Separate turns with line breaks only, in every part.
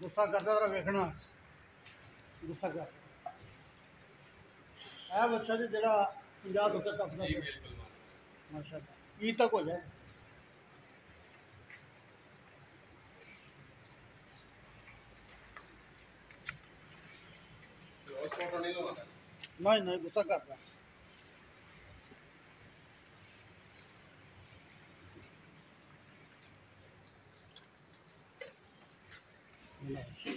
ਗੁੱਸਾ ਕਰਦਾ ਤਰਾ ਵੇਖਣਾ ਗੁੱਸਾ ਕਰ ਆ ਬੱਚਾ ਜਿਹੜਾ 50 ਉੱਤੇ ਤੱਕ ਮਾਸ਼ਾਅੱਲਾ ਕੀ ਤੱਕ ਹੋ ਜਾਏ नाही नाही गुस्सा करता Mm-hmm.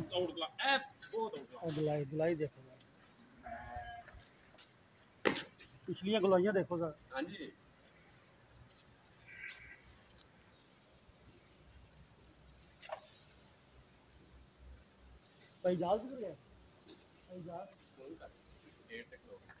ਬਹੁਤ ਐ ਦੇਖੋ ਪਿਛਲੀਆਂ ਗਲਾਈਆਂ ਦੇਖੋ ਹਾਂਜੀ ਭਾਈ ਜਾਲ ਕਿੱਧਰ ਗਿਆ ਭਾਈ ਜਾਲ ਕੋਈ ਕਰ 8 ਟੈਕਨੋਲੋਜੀ